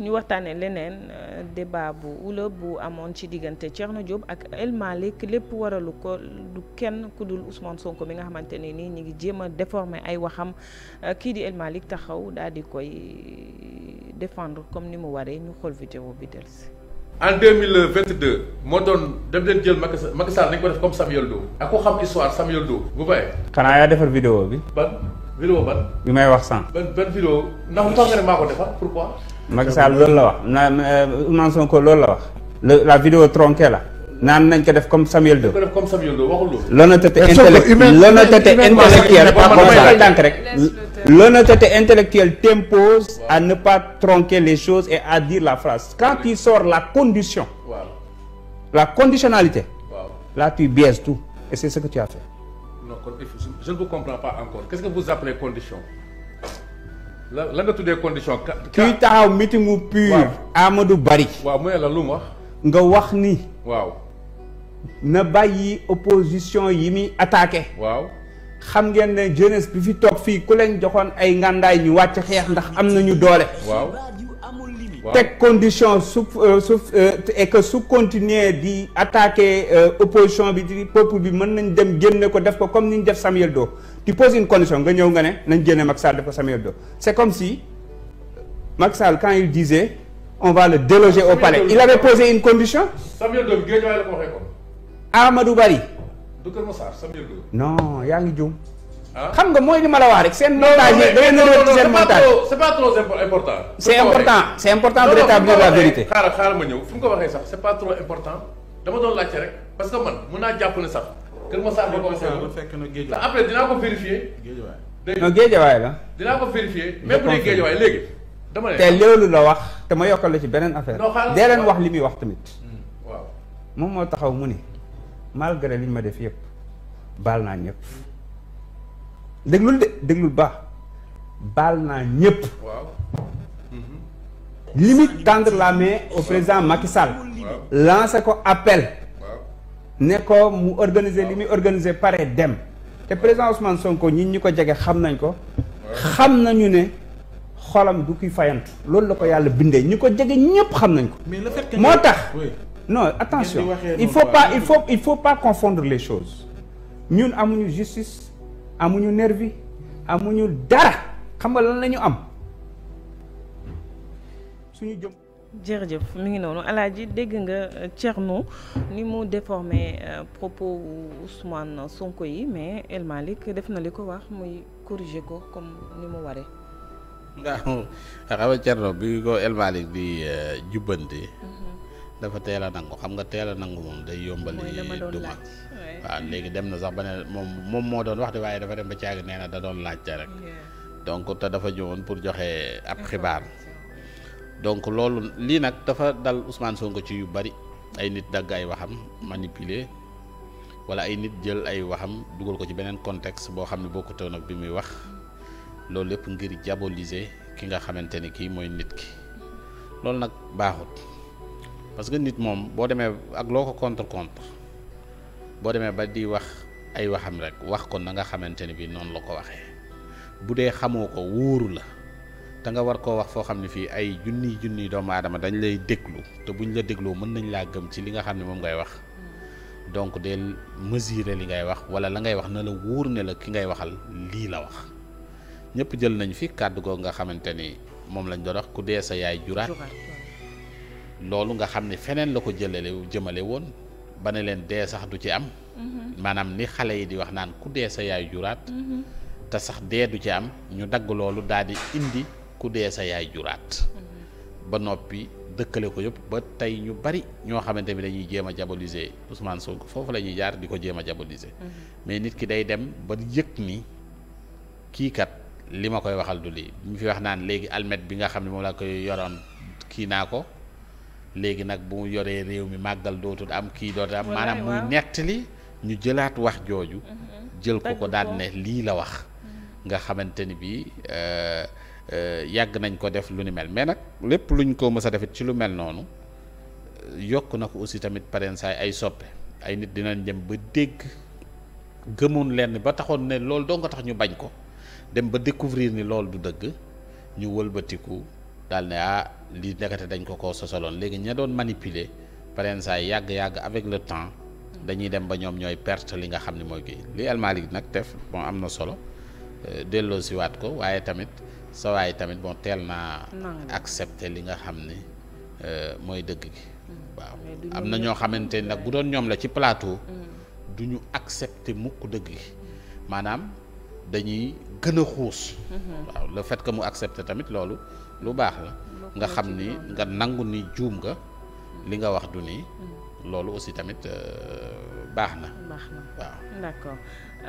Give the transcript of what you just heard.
ñu waxtaanee leneen euh, débat bu wula bu amoon ci diggante na Diop ak El Malick lépp waralu ko du kenn ku dul Ousmane Sonko bi nga xamante ne nii ñu ngi jéem a déformer ay waxam euh, kii di El Malick taxaw daal di koy défendre comme ni mu waree ñu xool vidéo bi dellusi. en deux mille vingt deux moo doon dem leen jël Macky Sall Macky Sall nañ ko def comme Samuel Doe. ak ko xam histoire Samuel Doe bu bàyyi. xanaa yaa defar vidéo bi. ban vidéo ban. bi may wax sànq. ban ban ndax Macky Sall la wax na Ousmane Sonko loolu la wax. la vidéo tronquée la. naan nañ ko def comme Samuel Doe. comme Samuel Doe waxul loolu. l'honnêteté intellectuelle l'honnêteté intellectuelle rek. l'honnêteté t'impose à ne pas tronquer les choses et à dire la phrase quand tu la condition. la conditionnalité. la tu biaises tout et c'est ce que tu as fait. non la la nga tuddee condition. taxaw meeting mu pur. Amadou Bari. waaw mooy la lu mu wax. nga wax ni. waaw. na bàyyi opposition yi muy attaqué. waaw xam ngeen ne jeunesse bi fi toog fii ku leen joxoon ay ngàndaay ñu wàcc xeex ndax am nañu doole. waaw. teg condition su euh, su euh, et que su continuer di attaquer euh, opposition bi di peuple bi mën nañ dem génne ko def ko comme ni ñu def Samuel doo tu poses une condition nga ñëw nga ne nañ génne Macky Sall def ko Samuel Doe c'est comme si Macky Sall quand il disait on va le déloger au palais il avait posé une condition. Samuel Doe bi ko waxee kon. Bari. du Kër Massar Samuel Doe. non yaa ngi juum. Ah. xam nga mooy li ma la wax rek seen montage yi da ngeen nëbër ci seen ma ñëw fu mu ko waxee sax c'est pas trop important dama doon laajte rek parce que man mën naa jàpp ne sax. Kër Masar ba conseil ba fekk na géej waay après dinaa ko vérifier. waay dégg non la. dinaa ko vérifier même bu dee géej waay léegi. dama ne te la wax te ma yokkal la ci beneen affaire. dee leen wax li muy wax tamit. Hmm, waaw moom moo taxaw mu ni malgré li ñu ma def yëpp baal naa ñëpp. déglul de déglul baax baal naa ñëpp. waaw. limite tendre la main au président Macky Sall. ko appel. ne ko mu organiser li muy organiser pare dem te président Ousmane Sonko ñi ñu ko jege xam nañ ko xam nañu ne xolam du kuy fayantu loolu la ko yàlla bindee ñu ko jege ñëpp xam nañ ko moo tax non attention il faut pas il faut il faut pas confondre les choses ñun amuñu justice amuñu nervi amuñu dara xam nga lan la ñu am suñu jëm jërëjëf mi ngi noonu alaaji dégg nga euh, Thierno ni mu déformé euh, propos Ousmane Sonko yi mais El Malick def na li ko wax muy corriger ko comme ni mu waree. nga xam nga Thierno bi ko El Malick di euh, jubbanti. Mhm. dafa teel a nangu xam nga teel a nangu moom day yombali. duma waaw léegi dem na sax ba ne moom moom moo doon wax de waaye dafa dem ba caag nee na da doon laajte rek. donc te dafa ñëwoon pour joxe ab xibaar. donc loolu lii nag dafa dal usmaan Sonko ci yu bari ay nit dagg ay waxam manipuler wala ay nit jël ay waxam dugal ko ci beneen contexte boo xam ne bokkutoon nag bi muy wax loolu lépp ngir diaboliser ki nga xamante ni kii mooy nit ki loolu nag baaxut parce que nit moom boo demee ak loo ko contre contre boo demee ba di wax ay waxam rek wax ko na nga xamante ni bi noonu la ko waxee bu dee xamoo ko wóoru la. te nga war koo wax foo xam ne fii ay junniy junniy doomu aadama dañ lay déglu te buñ la dégloo mën nañ laa gëm ci li nga xam ne moom ngay wax donc del mesurer li ngay wax wala la ngay wax na la wóor ne la ki ngay waxal lii la wax ñëpp jël nañ fi kàddu googu nga xamante ni moom lañ doon wax ku dee sa yaay juraat loolu nga xam ne feneen la ko jëlale jëmale woon ba ne leen dee sax du ci am mhm. maanaam ni xale yi di wax naan ku dee sa yaay juraat mhm. te sax dee du ci am ñu dagg loolu daal di indi ku dee sa yaay juraat ba noppi dëkkale ko yëpp ba tey ñu bari ñoo xamante ni dañuy jéem a diaboliser Ousmane Sonko foofu la ñuy jaar di ko jéem a diaboliser mm-hmm. mais nit ki day dem ba yëg ni kii kat li ma koy waxal du lii mu fi wax naan léegi almet bi nga xam ne moom laa koy yoroon kii naa ko léegi nag bu mu yoree réew mi màggal dootul am kii dootul am maanaam muy nettali ñu jëlaat wax jooju mm-hmm. jël ko ko daan lii la wax mm-hmm. nga xamante bi euh, Euh, yàgg nañ ko def lu ni mel mais nag lépp luñ ko mës a defit ci lu mel noonu euh, yokk na ko aussi tamit parensaay ay soppe ay nit dinañ dem ba dégg gëmoon leen ba taxoon ne loolu doo nga tax ñu bañ ko dem ba découvrir ni loolu du dëgg ñu wëlbatiku daal ne ah li nekkate dañ ko ko sosaloon léegi ña doon manipuler parensaay yàgg-yàgg avec le temps dañuy dem ba ñoom ñooy perte li nga xam ne mooy kii li El nag def bon am na solo euh, delloo siwaat ko waaye tamit sa tamit bon teel naa accepté li nga xam ni euh, mooy dëgg gi mm. waaw am na ñoo xamante ni nag bu doon ñoom la ci palaato mm. du ñu accepté mukk dëgg gi mm. maanaam dañuy gën a xuus mm-hmm. waaw le fait que mu accepté tamit loolu lu baax la nga xam ni nga nangu ni juum nga li nga wax du nii loolu aussi tamit euh, baax na waaw